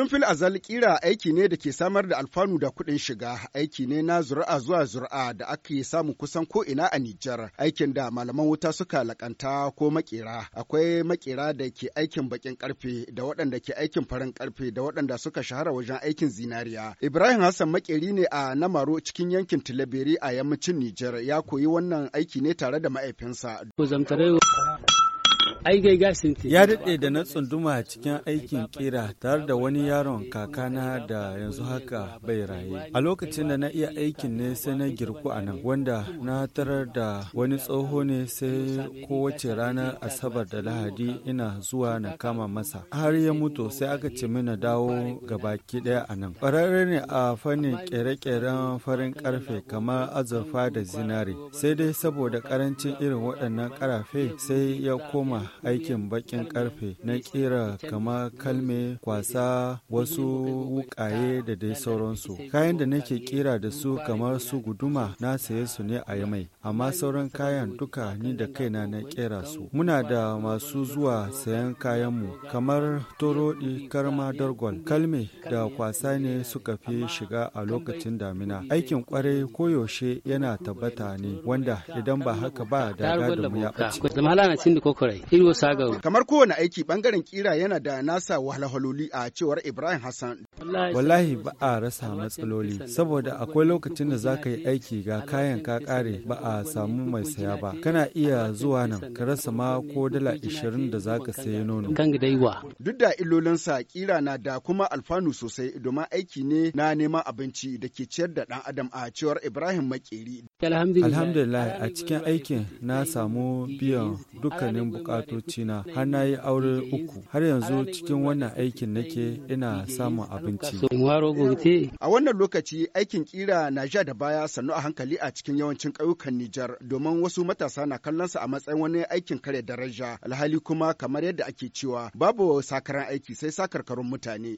Sunfil azal kira aiki ne da ke samar da alfanu da kuɗin shiga, aiki ne na zuri'a zuwa zuri'a da ake samu kusan ko ina a Nijar, aikin da malaman wuta suka lakanta ko makera. Akwai makera da ke aikin bakin karfe da waɗanda ke aikin farin karfe da waɗanda suka shahara wajen aikin zinariya. Ibrahim Hassan makeri ne a Namaro cikin yankin Tilaberi a yammacin Nijar ya koyi wannan aiki ne tare da ma'aifinsa. Ya daɗe da na tsunduma cikin aikin kera tare da wani yaron kakana da yanzu haka bai raye. A lokacin da na iya aikin ne sai na girku a nan wanda na tarar da wani tsoho ne sai kowace ranar Asabar da Lahadi ina zuwa na kama masa. Har ya mutu sai aka ce mina dawo gabaki ɗaya a nan. Ƙwararre ne a fannin ƙere-ƙeren farin ƙarfe kamar azurfa da zinari, Sai dai saboda ƙarancin irin waɗannan ƙarafe sai ya koma aikin bakin karfe na ƙera kama kalme kwasa wasu wukaye da dai sauransu kayan da nake ƙera da su kamar su guduma na saye su ne a yamai amma sauran kayan duka ni da kaina na kera su muna da masu zuwa sayan kayanmu kamar torodi karma dargol kalme da kwasa ne suka fi shiga a lokacin damina aikin kwarai koyaushe yana tabbata ne wanda idan ba haka ba da gadonmu ya ɓace sagaru kamar kowane aiki bangaren kira yana da nasa wahalhaloli a cewar ibrahim hassan wallahi ba a rasa matsaloli saboda akwai lokacin da za ka yi aiki ga kayan ka kare ba a samu mai saya ba kana iya zuwa nan ka rasa ma ko dala ishirin da za ka sayi nono duk da illolinsa kira na da kuma alfanu sosai domin aiki ne na neman abinci da ke ciyar da ɗan adam a cewar ibrahim makeri Alhamdulillah a cikin aikin na samu biyan dukkanin bukatocina har na yi aure uku har yanzu cikin wannan aikin nake ina samun abinci. A wannan lokaci aikin kira na ja da baya sannu a hankali a cikin yawancin ƙauyukan Nijar domin wasu matasa na kallonsa a matsayin wani aikin kare daraja alhali kuma kamar yadda ake cewa babu sakaran aiki sai sakarkarun mutane